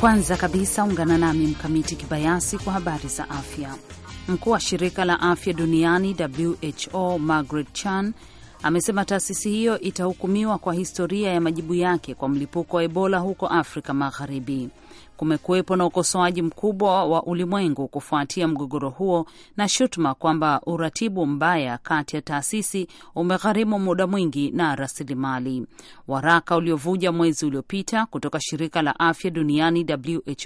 Kwanza kabisa ungana nami Mkamiti Kibayasi kwa habari za afya. Mkuu wa shirika la afya duniani WHO Margaret Chan amesema taasisi hiyo itahukumiwa kwa historia ya majibu yake kwa mlipuko wa Ebola huko Afrika Magharibi kumekuwepo na ukosoaji mkubwa wa ulimwengu kufuatia mgogoro huo na shutuma kwamba uratibu mbaya kati ya taasisi umegharimu muda mwingi na rasilimali. Waraka uliovuja mwezi uliopita kutoka shirika la afya duniani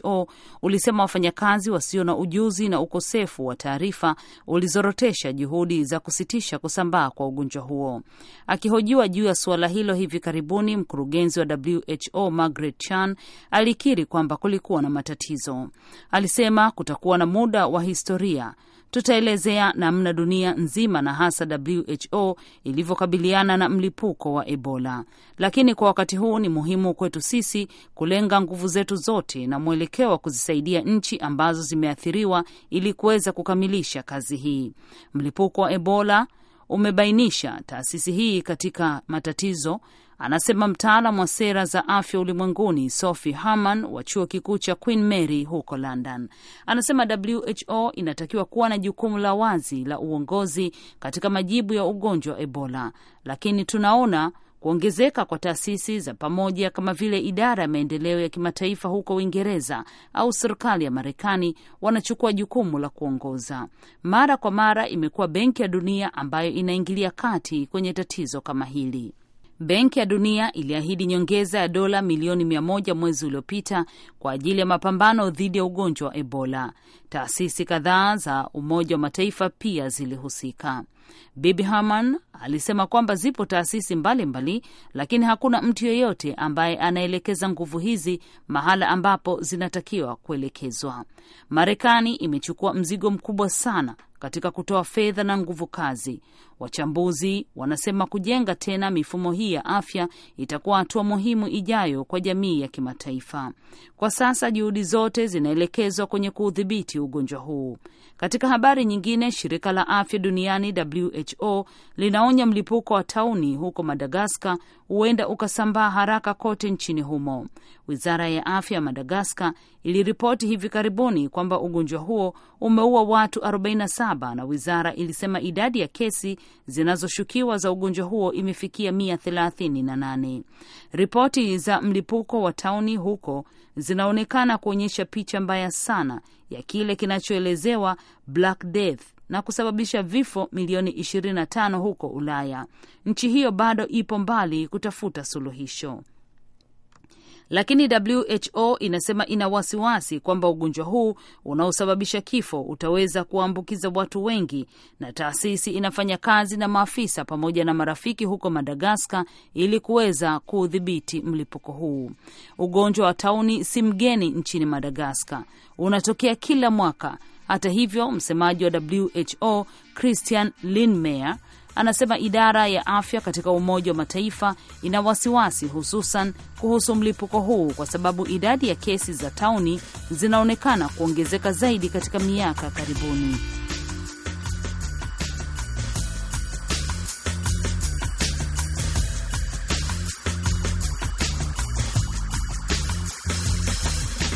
WHO ulisema wafanyakazi wasio na ujuzi na ukosefu wa taarifa ulizorotesha juhudi za kusitisha kusambaa kwa ugonjwa huo. Akihojiwa juu ya suala hilo hivi karibuni, mkurugenzi wa WHO Margaret Chan alikiri kwamba kulikuwa kutakuwa na matatizo. Alisema kutakuwa na muda wa historia, tutaelezea namna dunia nzima na hasa WHO ilivyokabiliana na mlipuko wa Ebola, lakini kwa wakati huu ni muhimu kwetu sisi kulenga nguvu zetu zote na mwelekeo wa kuzisaidia nchi ambazo zimeathiriwa ili kuweza kukamilisha kazi hii. Mlipuko wa Ebola umebainisha taasisi hii katika matatizo anasema mtaalam wa sera za afya ulimwenguni Sophie Harman wa chuo kikuu cha Queen Mary huko London. Anasema WHO inatakiwa kuwa na jukumu la wazi la uongozi katika majibu ya ugonjwa wa Ebola, lakini tunaona kuongezeka kwa taasisi za pamoja kama vile idara ya maendeleo ya kimataifa huko Uingereza au serikali ya Marekani wanachukua jukumu la kuongoza. Mara kwa mara imekuwa Benki ya Dunia ambayo inaingilia kati kwenye tatizo kama hili. Benki ya Dunia iliahidi nyongeza ya dola milioni mia moja mwezi uliopita kwa ajili ya mapambano dhidi ya ugonjwa wa Ebola. Taasisi kadhaa za Umoja wa Mataifa pia zilihusika. Bibi Haman alisema kwamba zipo taasisi mbalimbali mbali, lakini hakuna mtu yeyote ambaye anaelekeza nguvu hizi mahala ambapo zinatakiwa kuelekezwa. Marekani imechukua mzigo mkubwa sana katika kutoa fedha na nguvu kazi. Wachambuzi wanasema kujenga tena mifumo hii ya afya itakuwa hatua muhimu ijayo kwa jamii ya kimataifa. Kwa sasa juhudi zote zinaelekezwa kwenye kuudhibiti ugonjwa huu. Katika habari nyingine, shirika la afya duniani WHO linaonya mlipuko wa tauni huko Madagaskar huenda ukasambaa haraka kote nchini humo. Wizara ya afya ya Madagaskar iliripoti hivi karibuni kwamba ugonjwa huo umeua watu 47 na wizara ilisema idadi ya kesi zinazoshukiwa za ugonjwa huo imefikia mia thelathini na nane. Ripoti za mlipuko wa tauni huko zinaonekana kuonyesha picha mbaya sana ya kile kinachoelezewa Black Death na kusababisha vifo milioni 25 huko Ulaya. Nchi hiyo bado ipo mbali kutafuta suluhisho lakini WHO inasema ina wasiwasi kwamba ugonjwa huu unaosababisha kifo utaweza kuwaambukiza watu wengi, na taasisi inafanya kazi na maafisa pamoja na marafiki huko Madagaskar ili kuweza kuudhibiti mlipuko huu. Ugonjwa wa tauni si mgeni nchini Madagaskar, unatokea kila mwaka. Hata hivyo, msemaji wa WHO Christian Lindmeier anasema idara ya afya katika Umoja wa Mataifa ina wasiwasi hususan kuhusu mlipuko huu kwa sababu idadi ya kesi za tauni zinaonekana kuongezeka zaidi katika miaka karibuni.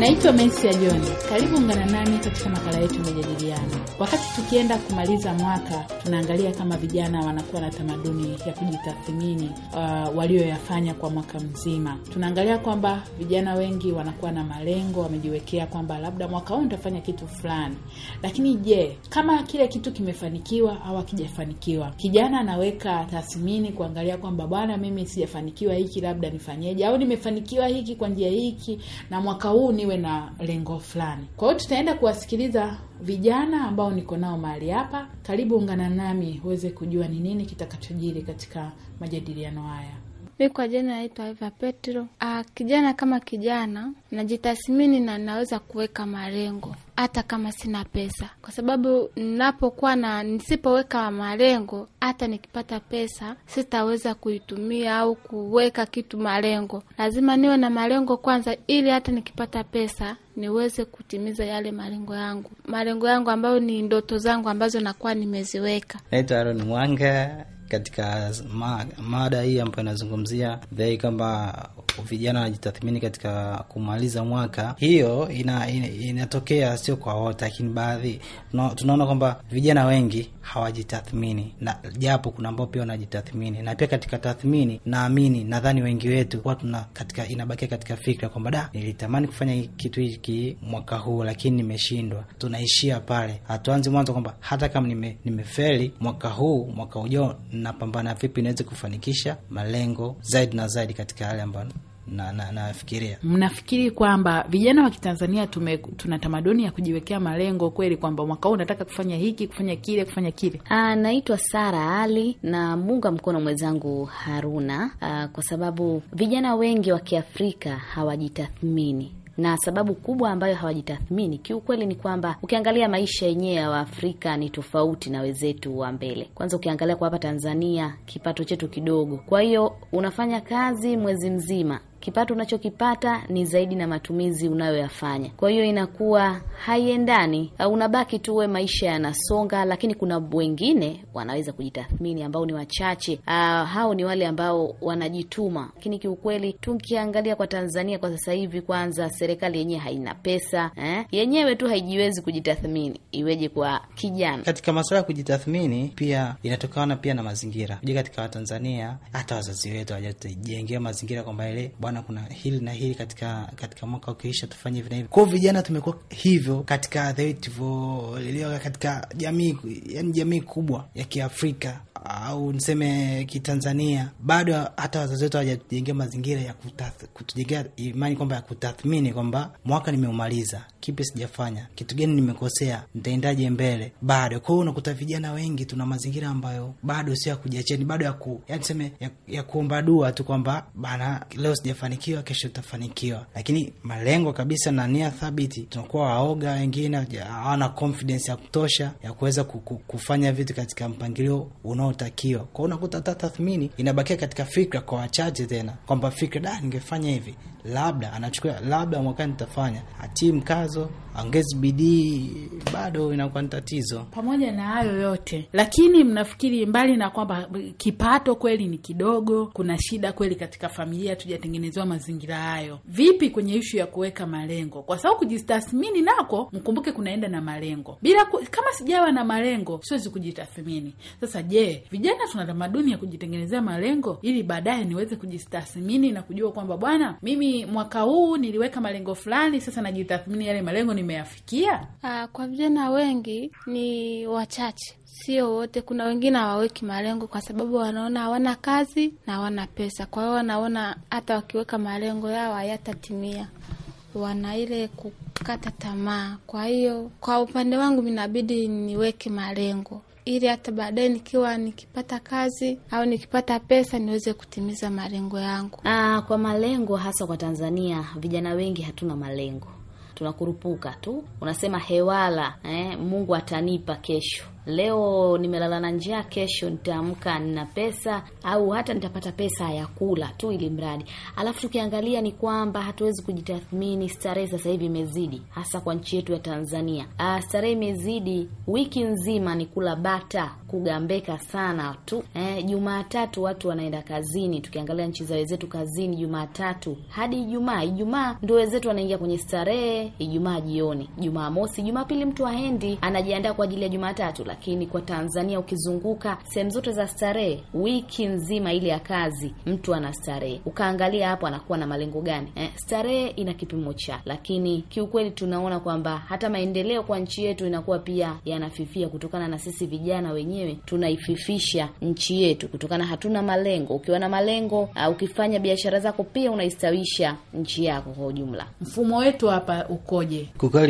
Naitwa ya John. Karibu ungana nami katika makala yetu majadiliano. Wakati tukienda kumaliza mwaka, tunaangalia kama vijana wanakuwa na tamaduni ya kujitathmini uh, walioyafanya kwa mwaka mzima. Tunaangalia kwamba vijana wengi wanakuwa na malengo, wamejiwekea kwamba labda mwaka huu nitafanya kitu fulani, lakini je, kama kile kitu kimefanikiwa au hakijafanikiwa? Kijana anaweka tathmini kuangalia kwamba bwana, mimi sijafanikiwa hiki, labda nifanyeje, au nimefanikiwa hiki kwa njia hiki, na mwaka huu ni niwe na lengo fulani. Kwa hiyo tutaenda kuwasikiliza vijana ambao niko nao mahali hapa. Karibu ungana nami uweze kujua ni nini kitakachojiri katika majadiliano haya mi kwa jina naitwa Eva Petro. Aa, ah, kijana kama kijana najitathmini na naweza kuweka malengo hata kama sina pesa, kwa sababu ninapokuwa na nisipoweka malengo, hata nikipata pesa sitaweza kuitumia au kuweka kitu malengo. Lazima niwe na malengo kwanza, ili hata nikipata pesa niweze kutimiza yale malengo yangu, malengo yangu ambayo ni ndoto zangu ambazo nakuwa nimeziweka. Naitwa Aaron Mwanga katika mada hii ambayo inazungumzia dhahiri kwamba vijana wanajitathmini katika kumaliza mwaka, hiyo ina, ina, inatokea sio kwa wote, lakini baadhi no, tunaona kwamba vijana wengi hawajitathmini, na japo kuna ambao pia wanajitathmini, na pia katika tathmini, naamini nadhani wengi wetu huwa tuna katika inabakia katika fikra kwamba da, nilitamani kufanya kitu hiki mwaka huu, lakini nimeshindwa. Tunaishia pale, hatuanzi mwanzo kwamba hata kama nime, nimefeli mwaka huu, mwaka ujao napambana vipi niweze kufanikisha malengo zaidi na zaidi katika yale ambayo na, na, mnafikiri kwamba vijana wa Kitanzania tume, tuna tamaduni ya kujiwekea malengo kweli, kwamba mwaka huu nataka kufanya hiki kufanya kile kufanya kile? Ah, naitwa Sara Ali na muunga mkono mwenzangu Haruna aa, ah, kwa sababu vijana wengi wa Kiafrika hawajitathmini na sababu kubwa ambayo hawajitathmini kiukweli ni kwamba ukiangalia maisha yenyewe ya Waafrika ni tofauti na wenzetu wa mbele. Kwanza ukiangalia kwa hapa Tanzania, kipato chetu kidogo, kwa hiyo unafanya kazi mwezi mzima kipato unachokipata ni zaidi na matumizi unayoyafanya. Kwa hiyo inakuwa haiendani, unabaki tu we, maisha yanasonga. Lakini kuna wengine wanaweza kujitathmini, ambao ni wachache. Uh, hao ni wale ambao wanajituma, lakini kiukweli tukiangalia kwa Tanzania kwa sasa hivi, kwanza serikali yenyewe haina pesa eh, yenyewe tu haijiwezi kujitathmini, iweje kwa kijana katika masuala ya kujitathmini? Pia inatokana pia na mazingira. Je, katika Watanzania hata wazazi wetu hawajatujengea mazingira kwamba ile bwana, kuna hili na hili katika katika mwaka ukiisha tufanye hivi na hivi. Kwao vijana tumekuwa hivyo katika the tuliyo katika jamii, yani jamii kubwa ya Kiafrika au niseme Kitanzania, bado hata wazazi wetu hawajatujengea mazingira ya kutujengea imani kwamba ya kutathmini kwamba mwaka nimeumaliza, kipi sijafanya, kitu gani nimekosea, nitaendaje mbele. Bado kwa hiyo unakuta vijana wengi tuna mazingira ambayo bado sio ya kujiacheni, bado ya ku, yani niseme ya, ya kuomba dua tu kwamba bana, leo sijafanya utafanikiwa, kesho utafanikiwa, lakini malengo kabisa na nia thabiti, tunakuwa waoga, wengine hawana confidence ya kutosha ya kuweza kufanya vitu katika mpangilio unaotakiwa. Kwao unakuta hata tathmini inabakia katika fikra kwa wachache tena, kwamba fikra da, ningefanya hivi, labda anachukua labda mwakani nitafanya, hatii mkazo angezi bidii, bado inakuwa ni tatizo. Pamoja na hayo yote lakini, mnafikiri mbali na kwamba kipato kweli ni kidogo, kuna shida kweli katika familia, tujatengenezewa mazingira hayo, vipi kwenye ishu ya kuweka malengo? Kwa sababu kujitathmini nako mkumbuke kunaenda na malengo. Bila ku, kama sijawa na malengo siwezi kujitathmini. Sasa je, vijana tuna tamaduni ya kujitengenezea malengo ili baadaye niweze kujistathmini na kujua kwamba bwana, mimi mwaka huu niliweka malengo fulani, sasa najitathmini yale malengo ni umeafikia? Aa, ah, kwa vijana wengi ni wachache, sio wote. Kuna wengine hawaweki malengo kwa sababu wanaona hawana kazi na hawana pesa, kwa hiyo wanaona hata wakiweka malengo yao hayatatimia, wana ile kukata tamaa. Kwa hiyo kwa upande wangu minabidi niweke malengo ili hata baadaye nikiwa nikipata kazi au nikipata pesa niweze kutimiza malengo yangu. Aa, ah, kwa malengo hasa kwa Tanzania vijana wengi hatuna malengo tunakurupuka tu, unasema hewala eh, Mungu atanipa kesho leo nimelala na njaa, kesho nitaamka nina pesa, au hata nitapata pesa ya kula tu, ili mradi. Alafu tukiangalia ni kwamba hatuwezi kujitathmini. Starehe sasa hivi imezidi, hasa kwa nchi yetu ya Tanzania. Ah, starehe imezidi, wiki nzima ni kula bata, kugambeka sana tu. Eh, Jumatatu watu wanaenda kazini, tukiangalia nchi za wenzetu, kazini Jumatatu hadi Ijumaa. Ijumaa ndio wenzetu wanaingia kwenye starehe, Ijumaa jioni, Jumamosi, Jumapili mtu aendi, anajiandaa kwa ajili ya Jumatatu lakini kwa Tanzania ukizunguka sehemu zote za starehe, wiki nzima ile ya kazi mtu ana starehe, ukaangalia hapo anakuwa na malengo gani eh? Starehe ina kipimo cha, lakini kiukweli tunaona kwamba hata maendeleo kwa nchi yetu inakuwa pia yanafifia kutokana na sisi vijana wenyewe tunaififisha nchi yetu kutokana, hatuna malengo. Ukiwa na malengo, uh, ukifanya biashara zako pia unaistawisha nchi yako kwa ujumla. Mfumo wetu hapa ukoje? Kwa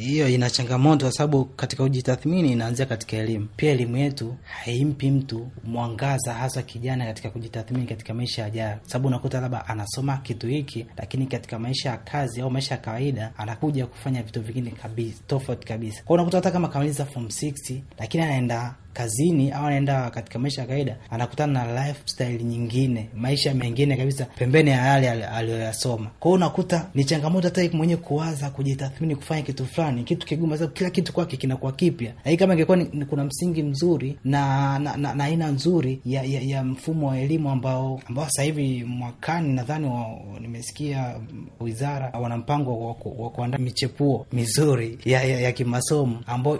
hiyo ina changamoto, kwa sababu katika ujitathmini inaanzia katika elimu. Pia elimu yetu haimpi mtu mwangaza, hasa kijana, katika kujitathmini katika maisha yajayo, sababu unakuta labda anasoma kitu hiki, lakini katika maisha ya kazi au maisha ya kawaida anakuja kufanya vitu vingine kabisa tofauti kabisa kwao. Unakuta hata kama kamaliza form 6 lakini anaenda kazini au anaenda katika maisha ya kawaida, anakutana na lifestyle nyingine, maisha mengine kabisa, pembeni ya yale aliyoyasoma. Kwa hiyo unakuta ni changamoto hata mwenyewe kuwaza, kujitathmini, kufanya kitu fulani, kitu kigumu, sababu kila kitu kwake kinakuwa kipya. Lakini kama ingekuwa kuna msingi mzuri na na, na, na aina nzuri ya, ya, ya mfumo wa elimu ambao ambao sasa hivi mwakani nadhani nimesikia wizara wana mpango wa kuandaa michepuo mizuri ya, ya, ya kimasomo ambayo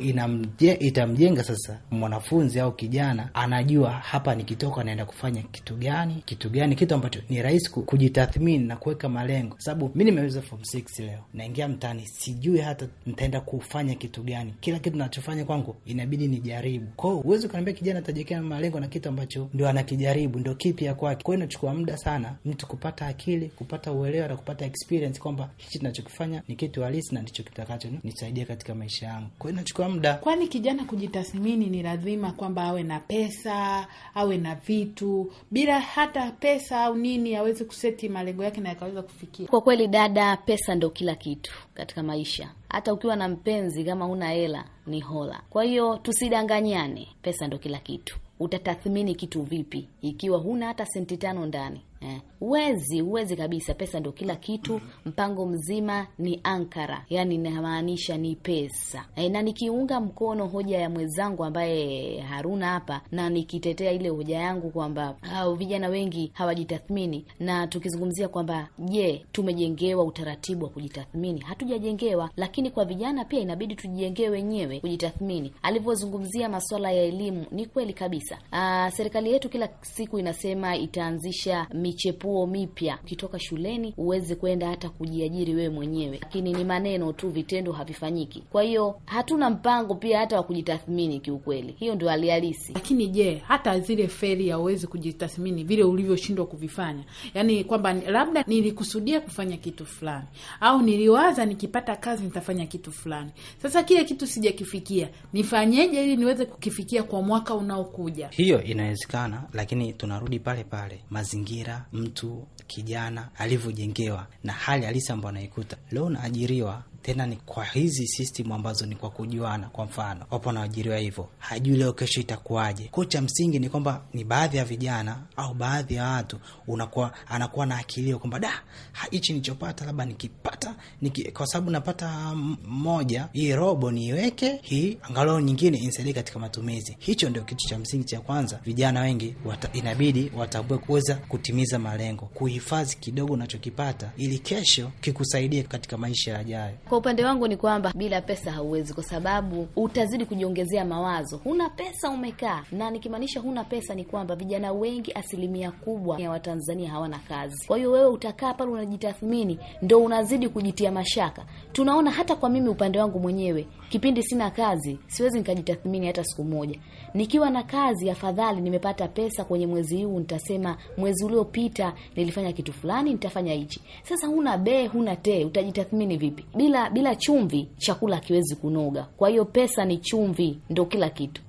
itamjenga sasa mwanafu mwanafunzi au kijana anajua hapa nikitoka naenda kufanya kitu gani, kitu gani, kitu ambacho ni rahisi kujitathmini na kuweka malengo. Sababu mi nimeweza form six, leo naingia mtani sijui hata nitaenda kufanya kitu gani. Kila kitu nachofanya kwangu inabidi nijaribu. Kwao huwezi ukaniambia kijana atajiwekea malengo na kitu ambacho ndo anakijaribu, ndo kipya kwake. Kwao inachukua muda sana mtu kupata akili, kupata uelewa na kupata experience kwamba hichi tunachokifanya ni kitu halisi na ndicho kitakacho nisaidia katika maisha yangu. Kwao inachukua muda, kwani kijana kujitathmini ni radhi lazima kwamba awe na pesa, awe na vitu. Bila hata pesa au nini, awezi kuseti malengo yake na yakaweza kufikia. Kwa kweli, dada, pesa ndo kila kitu katika maisha. Hata ukiwa na mpenzi, kama una hela ni hola. Kwa hiyo tusidanganyane, pesa ndo kila kitu. Utatathmini kitu vipi ikiwa huna hata senti tano ndani? eh. Uwezi uwezi kabisa, pesa ndio kila kitu. Mpango mzima ni ankara, yani inamaanisha ni pesa eh, na nikiunga mkono hoja ya mwenzangu ambaye Haruna hapa na nikitetea ile hoja yangu kwamba ah, vijana wengi hawajitathmini, na tukizungumzia kwamba je, tumejengewa utaratibu wa kujitathmini? Hatujajengewa, lakini kwa vijana pia inabidi tujijengee wenyewe kujitathmini. Alivyozungumzia masuala ya elimu, ni kweli kabisa. Aa, ah, serikali yetu kila siku inasema itaanzisha michepuo mipya, ukitoka shuleni uweze kwenda hata kujiajiri wewe mwenyewe, lakini ni maneno tu, vitendo havifanyiki. Kwa hiyo hatuna mpango pia hata wa kujitathmini kiukweli, hiyo ndio hali halisi. Lakini je, hata zile feli hauwezi kujitathmini vile ulivyoshindwa kuvifanya, yaani kwamba labda nilikusudia kufanya kitu fulani au niliwaza nikipata kazi nitafanya kitu fulani, sasa kile kitu sijakifikia, nifanyeje ili niweze kukifikia kwa mwaka unaokuja? Hiyo inawezekana, lakini tunarudi pale pale mazingira mtu kijana alivyojengewa na hali halisi ambayo anaikuta. Leo unaajiriwa tena ni kwa hizi system ambazo ni kwa kujuana. Kwa mfano, wapo wanaajiriwa hivyo, hajui leo kesho itakuwaje. Kwa cha msingi ni kwamba ni baadhi ya vijana au baadhi ya watu unakuwa anakuwa na akilio kwamba da, hichi nichopata labda nikipata niki, kwa sababu napata moja hii robo niiweke hii, angalau nyingine insaidie katika matumizi. Hicho ndio kitu cha msingi cha kwanza. Vijana wengi wata, inabidi watambue kuweza kutimiza malengo, kuhifadhi kidogo unachokipata ili kesho kikusaidie katika maisha yajayo. Kwa upande wangu ni kwamba bila pesa hauwezi, kwa sababu utazidi kujiongezea mawazo. Huna pesa umekaa, na nikimaanisha huna pesa ni kwamba vijana wengi, asilimia kubwa ya Watanzania hawana kazi. Kwa hiyo wewe utakaa pale unajitathmini, ndo unazidi kujitia mashaka. Tunaona hata kwa mimi upande wangu mwenyewe Kipindi sina kazi, siwezi nikajitathmini hata siku moja. Nikiwa na kazi, afadhali nimepata pesa kwenye mwezi huu, nitasema mwezi uliopita nilifanya kitu fulani, nitafanya hichi. Sasa huna be, huna te, utajitathmini vipi? Bila bila chumvi chakula hakiwezi kunoga. Kwa hiyo pesa ni chumvi, ndo kila kitu.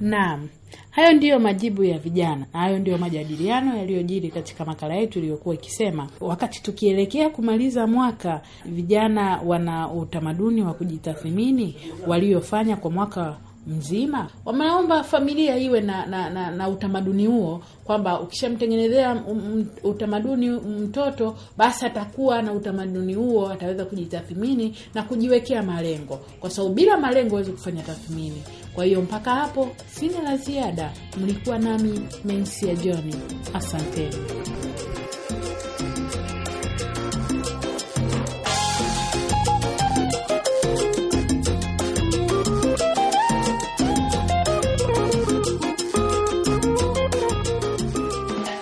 Naam, hayo ndiyo majibu ya vijana, na hayo ndiyo majadiliano yaliyojiri katika makala yetu iliyokuwa ikisema, wakati tukielekea kumaliza mwaka, vijana wana utamaduni wa kujitathmini waliofanya kwa mwaka mzima. Wameomba familia iwe na na, na, na utamaduni huo kwamba ukishamtengenezea utamaduni mtoto basi atakuwa na utamaduni huo, ataweza kujitathmini na kujiwekea malengo, kwa sababu bila malengo huwezi kufanya tathmini. Kwa hiyo mpaka hapo sina la ziada. Mlikuwa nami Mensia Joni, asanteni.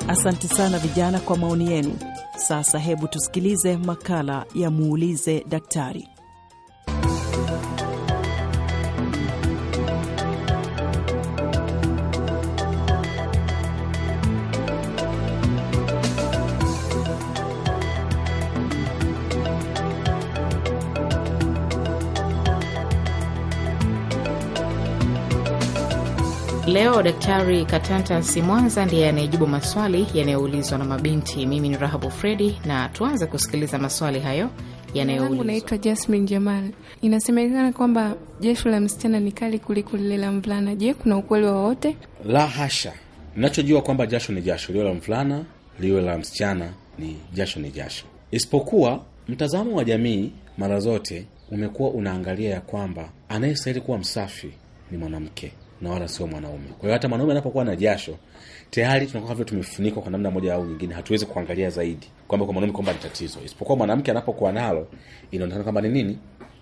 Asante sana vijana kwa maoni yenu. Sasa hebu tusikilize makala ya muulize daktari. Leo Daktari Katanta Simwanza ndiye anayejibu maswali yanayoulizwa na mabinti. Mimi ni Rahabu Fredi na tuanze kusikiliza maswali hayo yanayoulizwa. Naitwa Jasmin Jamal. Inasemekana kwamba jasho la msichana ni kali kuliko lile la mvulana. Je, kuna ukweli wowote? La hasha. Nachojua kwamba jasho ni jasho, liwe la mvulana liwe la msichana, ni jasho ni jasho, isipokuwa mtazamo wa jamii mara zote umekuwa unaangalia ya kwamba anayestahili kuwa msafi ni mwanamke na wala sio mwanaume. Kwa hiyo hata mwanaume anapokuwa na jasho tayari tunakuwa vile tumefunikwa kwa namna moja au nyingine, hatuwezi kuangalia zaidi kwamba kwa mwanaume kwamba ni tatizo, isipokuwa mwanamke anapokuwa nalo inaonekana kwamba ni nini,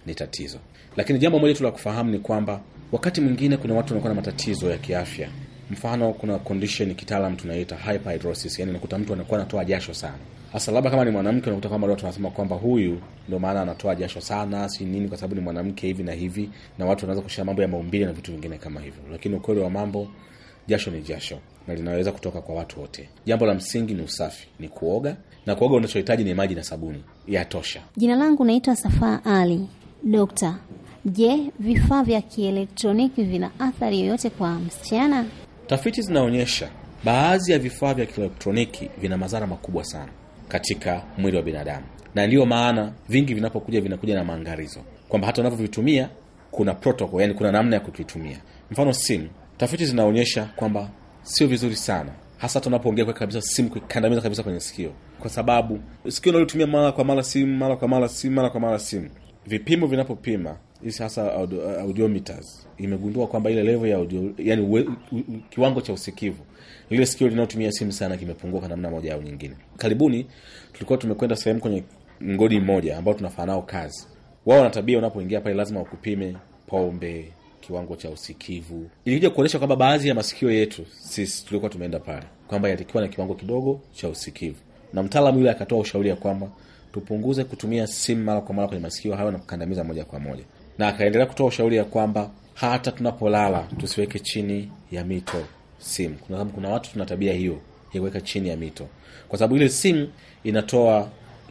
ni tatizo. Lakini jambo moja tu la kufahamu ni kwamba wakati mwingine kuna watu wanakuwa na matatizo ya kiafya. Mfano, kuna condition kitaalam tunaita hyperhidrosis, yani unakuta mtu anakuwa anatoa jasho sana Hasa labda kama ni mwanamke, unakuta kwamba watu wanasema kwamba huyu ndio maana anatoa jasho sana, si nini, kwa sababu ni mwanamke hivi na hivi, na watu wanaweza kushia mambo ya maumbile na vitu vingine kama hivyo, lakini ukweli wa mambo, jasho ni jasho na linaweza kutoka kwa watu wote. Jambo la msingi ni usafi, ni kuoga, na kuoga unachohitaji ni maji na sabuni ya tosha. Jina langu naitwa Safaa Ali. Dokta, je, vifaa vya kielektroniki vina athari yoyote kwa msichana? Tafiti zinaonyesha baadhi ya vifaa vya kielektroniki vina madhara makubwa sana katika mwili wa binadamu, na ndiyo maana vingi vinapokuja vinakuja na maangalizo kwamba hata unavyovitumia kuna protocol, yani kuna namna ya kuvitumia. Mfano simu, tafiti zinaonyesha kwamba sio vizuri sana hasa hata unapoongea kwa kabisa simu kukandamiza kabisa kwenye sikio, kwa sababu sikio unalotumia mara kwa mara simu mara kwa mara simu mara kwa mara simu, vipimo vinapopima hizi hasa uh, audiometers, imegundua kwamba ile level ya audio, yani we, u, u, kiwango cha usikivu lile sikio linalotumia simu sana kimepungua kwa namna moja au nyingine. Karibuni tulikuwa tumekwenda sehemu kwenye mgodi mmoja ambao tunafanya nao kazi. Wao wana tabia, unapoingia pale lazima wakupime pombe, kiwango cha usikivu. Ilikuja kuonyesha kwamba baadhi ya masikio yetu sisi tulikuwa tumeenda pale kwamba yalikuwa na kiwango kidogo cha usikivu, na mtaalamu yule akatoa ushauri ya kwamba tupunguze kutumia simu mara kwa mara kwenye masikio hayo na kukandamiza moja kwa moja, na akaendelea kutoa ushauri ya kwamba hata tunapolala tusiweke chini ya mito simu. Kuna, kuna watu tuna tabia hiyo ya kuweka chini ya mito, kwa sababu ile simu inatoa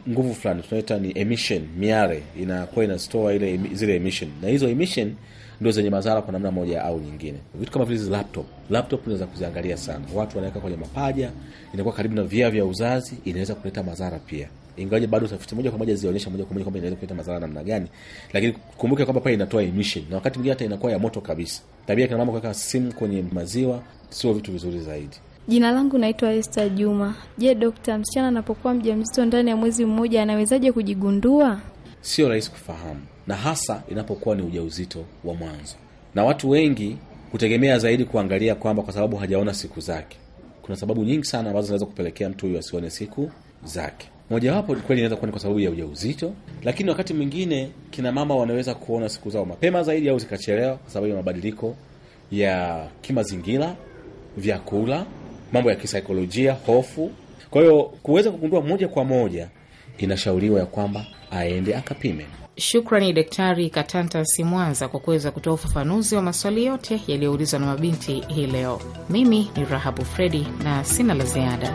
nguvu fulani tunaita ni emission, miare inakuwa inastoa ile zile emission, na hizo emission ndio zenye madhara kwa namna moja au nyingine. Vitu kama vile laptop, laptop unaweza kuziangalia sana, watu wanaweka kwenye mapaja, inakuwa karibu na via vya uzazi, inaweza kuleta madhara pia ingawaje bado tafiti moja kwa moja zionyesha moja kwa moja kwamba inaweza kuleta madhara namna gani, lakini kumbuke kwamba pale inatoa emission na wakati mwingine hata inakuwa ya moto kabisa. Tabia kina mama kuweka simu kwenye maziwa sio vitu vizuri zaidi. Jina langu naitwa Esther Juma. Je, dokta, msichana anapokuwa mjamzito ndani ya mwezi mmoja anawezaje kujigundua? Sio rahisi kufahamu, na hasa inapokuwa ni ujauzito wa mwanzo, na watu wengi hutegemea zaidi kuangalia kwamba kwa sababu hajaona siku zake. Kuna sababu nyingi sana ambazo zinaweza kupelekea mtu huyu asione siku zake. Mojawapo kweli inaweza kuwa ni kwa sababu ya ujauzito, lakini wakati mwingine kina mama wanaweza kuona siku zao mapema zaidi au zikachelewa kwa sababu ya mabadiliko ya kimazingira, vyakula, mambo ya kisaikolojia, hofu. Kwa hiyo kuweza kugundua moja kwa moja, inashauriwa ya kwamba aende akapime. Shukrani Daktari Katanta Simwanza kwa kuweza kutoa ufafanuzi wa maswali yote yaliyoulizwa na mabinti hii leo. Mimi ni Rahabu Fredi na sina la ziada.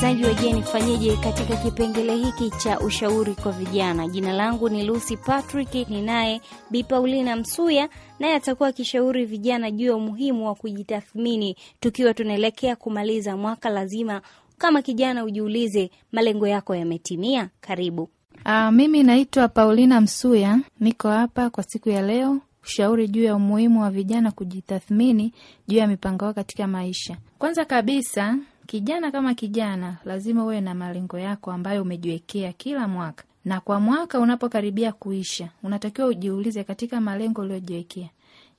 msikilizaji wa Je, nifanyeje katika kipengele hiki cha ushauri kwa vijana. Jina langu ni Lucy Patrick, ninaye Bi Paulina Msuya, naye atakuwa akishauri vijana juu ya umuhimu wa kujitathmini. Tukiwa tunaelekea kumaliza mwaka, lazima kama kijana ujiulize, malengo yako yametimia? Karibu. Aa, ah, mimi naitwa Paulina Msuya, niko hapa kwa siku ya leo ushauri juu ya umuhimu wa vijana kujitathmini juu ya mipango yao katika maisha. Kwanza kabisa Kijana kama kijana, lazima uwe na malengo yako ambayo umejiwekea kila mwaka, na kwa mwaka unapokaribia kuisha, unatakiwa ujiulize katika malengo uliojiwekea,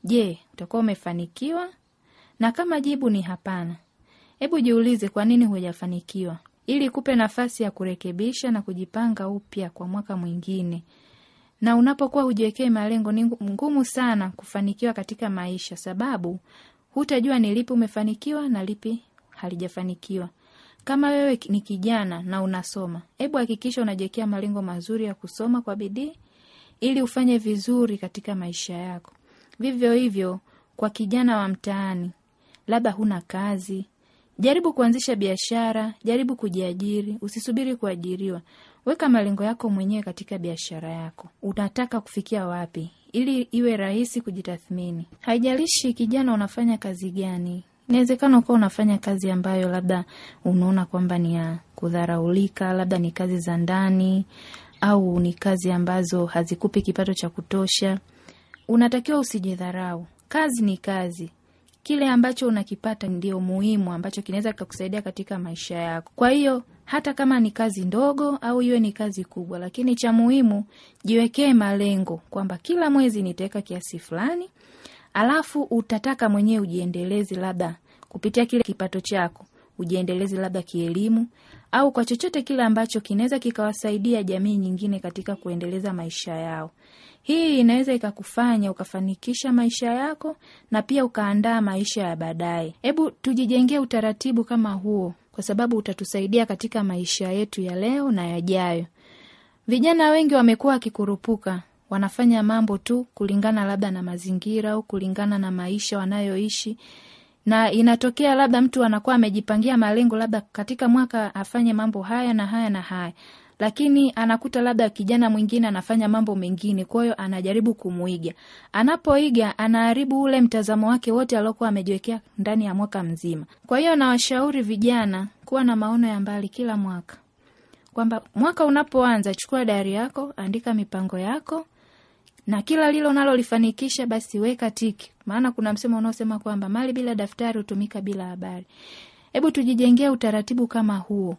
je, utakuwa umefanikiwa? Na kama jibu ni hapana, hebu jiulize kwa nini hujafanikiwa, ili kupe nafasi ya kurekebisha na kujipanga upya kwa mwaka mwingine. Na unapokuwa hujiwekee malengo, ni ngumu sana kufanikiwa katika maisha, sababu hutajua ni lipi umefanikiwa na lipi halijafanikiwa. Kama wewe ni kijana na unasoma, hebu hakikisha unajiwekea malengo mazuri ya kusoma kwa bidii ili ufanye vizuri katika maisha yako. Vivyo hivyo kwa kijana wa mtaani, labda huna kazi, jaribu kuanzisha biashara, jaribu kujiajiri, usisubiri kuajiriwa. Weka malengo yako mwenyewe katika biashara yako. Unataka kufikia wapi, ili iwe rahisi kujitathmini. Haijalishi kijana unafanya kazi gani, inawezekana ukawa unafanya kazi ambayo labda unaona kwamba ni ya kudharaulika, labda ni kazi za ndani au ni kazi ambazo hazikupi kipato cha kutosha. Unatakiwa usijidharau. Kazi ni kazi, kile ambacho unakipata ndio muhimu, ambacho kinaweza kikakusaidia katika maisha yako. Kwa hiyo hata kama ni kazi ndogo au iwe ni kazi kubwa, lakini cha muhimu jiwekee malengo kwamba kila mwezi nitaweka kiasi fulani alafu utataka mwenyewe ujiendelezi labda kupitia kile kipato chako ujiendelezi labda kielimu au kwa chochote kile ambacho kinaweza kikawasaidia jamii nyingine katika kuendeleza maisha yao. Hii inaweza ikakufanya ukafanikisha maisha yako na pia ukaandaa maisha ya baadaye. Hebu tujijengee utaratibu kama huo, kwa sababu utatusaidia katika maisha yetu ya leo na yajayo. Vijana wengi wamekuwa wakikurupuka wanafanya mambo tu kulingana labda na mazingira au kulingana na maisha wanayoishi na inatokea labda mtu anakuwa amejipangia malengo labda katika mwaka afanye mambo haya na haya na haya, lakini anakuta labda kijana mwingine anafanya mambo mengine, kwa hiyo anajaribu kumuiga. Anapoiga anaharibu ule mtazamo wake wote aliokuwa amejiwekea ndani ya mwaka mzima. Kwa hiyo nawashauri vijana kuwa na maono ya mbali kila mwaka, kwamba mwaka unapoanza, chukua dari yako, andika mipango yako na kila lilo nalolifanikisha basi weka tiki, maana kuna msemo unaosema kwamba mali bila daftari hutumika bila habari. Hebu tujijengee utaratibu kama huo,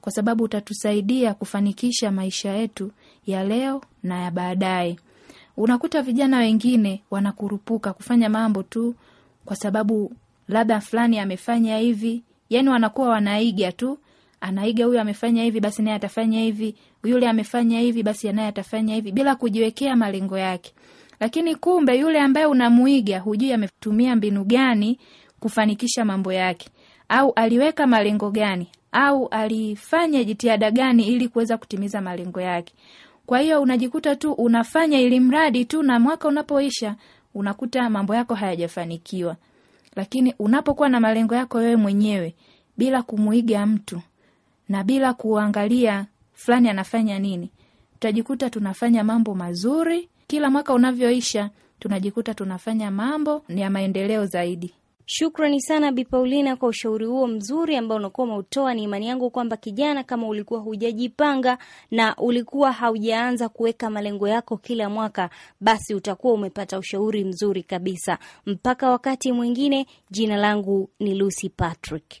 kwa sababu utatusaidia kufanikisha maisha yetu ya leo na ya baadaye. Unakuta vijana wengine wanakurupuka kufanya mambo tu kwa sababu labda fulani amefanya hivi, yani wanakuwa wanaiga tu anaiga huyu amefanya hivi basi naye atafanya hivi, yule amefanya hivi basi naye atafanya hivi, bila kujiwekea malengo yake. Lakini kumbe yule ambaye unamuiga hujui ametumia mbinu gani kufanikisha mambo yake, au aliweka malengo gani, au alifanya jitihada gani ili kuweza kutimiza malengo yake. Kwa hiyo unajikuta tu unafanya ili mradi tu, na mwaka unapoisha unakuta mambo yako hayajafanikiwa. Lakini unapokuwa na malengo yako wewe mwenyewe bila kumuiga mtu na bila kuangalia fulani anafanya nini, tutajikuta tunafanya mambo mazuri. Kila mwaka unavyoisha, tunajikuta tunafanya mambo ya maendeleo zaidi. Shukrani sana Bi Paulina kwa ushauri huo mzuri ambao unakuwa umeutoa. Ni imani yangu kwamba kijana, kama ulikuwa hujajipanga na ulikuwa haujaanza kuweka malengo yako kila mwaka, basi utakuwa umepata ushauri mzuri kabisa. Mpaka wakati mwingine, jina langu ni Lucy Patrick.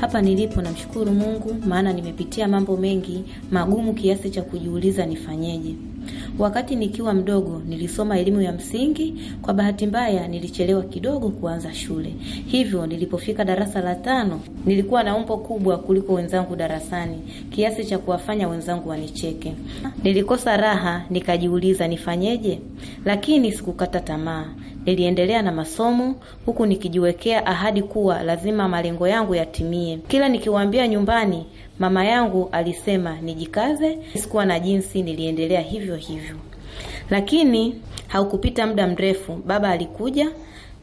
hapa nilipo namshukuru Mungu, maana nimepitia mambo mengi magumu kiasi cha kujiuliza nifanyeje. Wakati nikiwa mdogo nilisoma elimu ya msingi. Kwa bahati mbaya, nilichelewa kidogo kuanza shule, hivyo nilipofika darasa la tano nilikuwa na umbo kubwa kuliko wenzangu darasani kiasi cha kuwafanya wenzangu wanicheke. Nilikosa raha, nikajiuliza nifanyeje, lakini sikukata tamaa niliendelea na masomo huku nikijiwekea ahadi kuwa lazima malengo yangu yatimie. Kila nikiwaambia nyumbani, mama yangu alisema nijikaze. Sikuwa na jinsi, niliendelea hivyo hivyo. Lakini haukupita muda mrefu, baba alikuja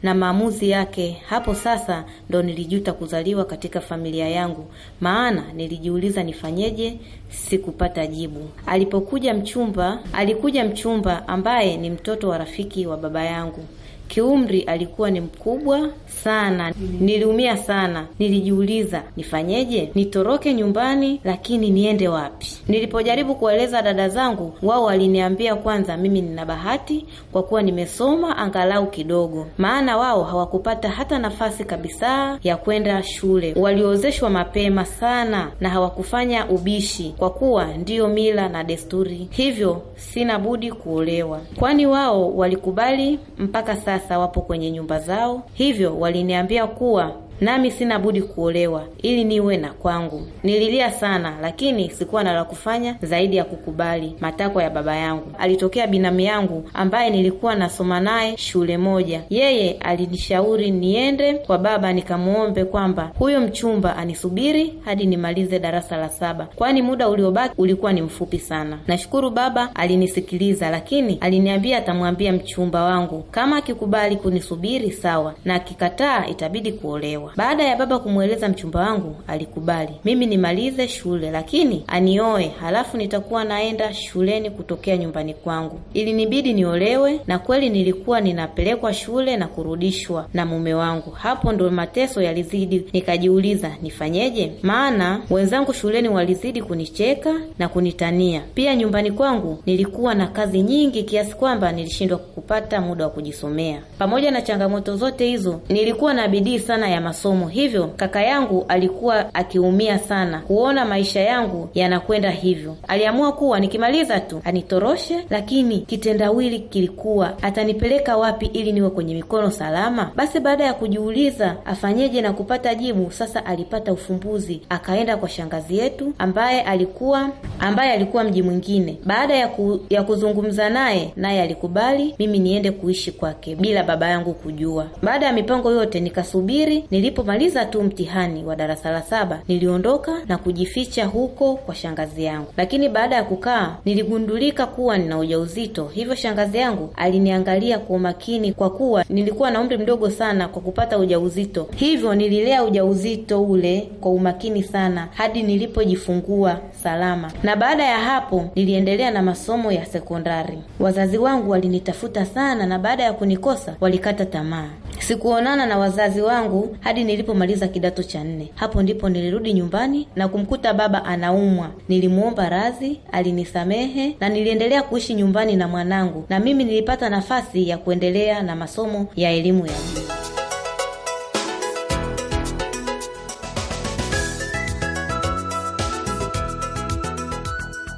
na maamuzi yake. Hapo sasa ndo nilijuta kuzaliwa katika familia yangu, maana nilijiuliza nifanyeje, sikupata jibu. Alipokuja mchumba, alikuja mchumba ambaye ni mtoto wa rafiki wa baba yangu. Kiumri alikuwa ni mkubwa sana, niliumia sana. Nilijiuliza nifanyeje, nitoroke nyumbani, lakini niende wapi? Nilipojaribu kueleza dada zangu, wao waliniambia kwanza, mimi nina bahati kwa kuwa nimesoma angalau kidogo, maana wao hawakupata hata nafasi kabisa ya kwenda shule. Waliozeshwa mapema sana na hawakufanya ubishi, kwa kuwa ndiyo mila na desturi, hivyo sina budi kuolewa, kwani wao walikubali mpaka sasa sasa wapo kwenye nyumba zao, hivyo waliniambia kuwa nami sina budi kuolewa ili niwe na kwangu. Nililia sana, lakini sikuwa na la kufanya zaidi ya kukubali matakwa ya baba yangu. Alitokea binamu yangu ambaye nilikuwa nasoma naye shule moja. Yeye alinishauri niende kwa baba nikamwombe kwamba huyo mchumba anisubiri hadi nimalize darasa la saba, kwani muda uliobaki ulikuwa ni mfupi sana. Nashukuru baba alinisikiliza, lakini aliniambia atamwambia mchumba wangu kama akikubali kunisubiri sawa, na akikataa itabidi kuolewa kuolewa. Baada ya baba kumweleza mchumba wangu, alikubali mimi nimalize shule, lakini anioe, halafu nitakuwa naenda shuleni kutokea nyumbani kwangu. Ilinibidi niolewe, na kweli nilikuwa ninapelekwa shule na kurudishwa na mume wangu. Hapo ndo mateso yalizidi, nikajiuliza nifanyeje, maana wenzangu shuleni walizidi kunicheka na kunitania. Pia nyumbani kwangu nilikuwa na kazi nyingi kiasi kwamba nilishindwa kupata muda wa kujisomea. Pamoja na changamoto zote hizo, nilikuwa na bidii sana ya masomo, hivyo kaka yangu alikuwa akiumia sana kuona maisha yangu yanakwenda hivyo. Aliamua kuwa nikimaliza tu anitoroshe, lakini kitendawili kilikuwa atanipeleka wapi ili niwe kwenye mikono salama. Basi baada ya kujiuliza afanyeje na kupata jibu, sasa alipata ufumbuzi, akaenda kwa shangazi yetu ambaye alikuwa ambaye alikuwa mji mwingine. Baada ya, ku, ya kuzungumza naye, naye alikubali mimi niende kuishi kwake bila baba yangu kujua. Baada ya mipango yote nikasubiri nili Nilipomaliza tu mtihani wa darasa la saba, niliondoka na kujificha huko kwa shangazi yangu, lakini baada ya kukaa niligundulika kuwa nina ujauzito, hivyo shangazi yangu aliniangalia kwa umakini kwa kuwa nilikuwa na umri mdogo sana kwa kupata ujauzito. Hivyo nililea ujauzito ule kwa umakini sana hadi nilipojifungua salama, na baada ya hapo niliendelea na masomo ya sekondari. Wazazi wangu walinitafuta sana, na baada ya kunikosa walikata tamaa. Sikuonana na wazazi wangu hadi hadi nilipomaliza kidato cha nne. Hapo ndipo nilirudi nyumbani na kumkuta baba anaumwa. Nilimuomba radhi, alinisamehe na niliendelea kuishi nyumbani na mwanangu, na mimi nilipata nafasi ya kuendelea na masomo ya elimu ya juu.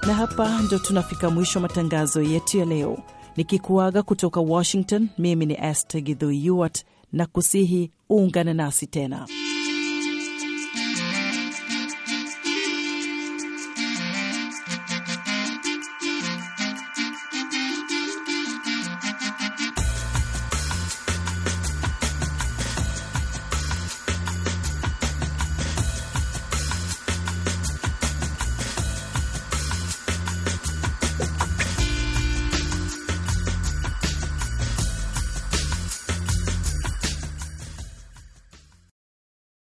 Na hapa ndo tunafika mwisho matangazo yetu ya leo, nikikuaga kutoka Washington. Mimi ni Esther Githu Yuart na kusihi uungane nasi tena.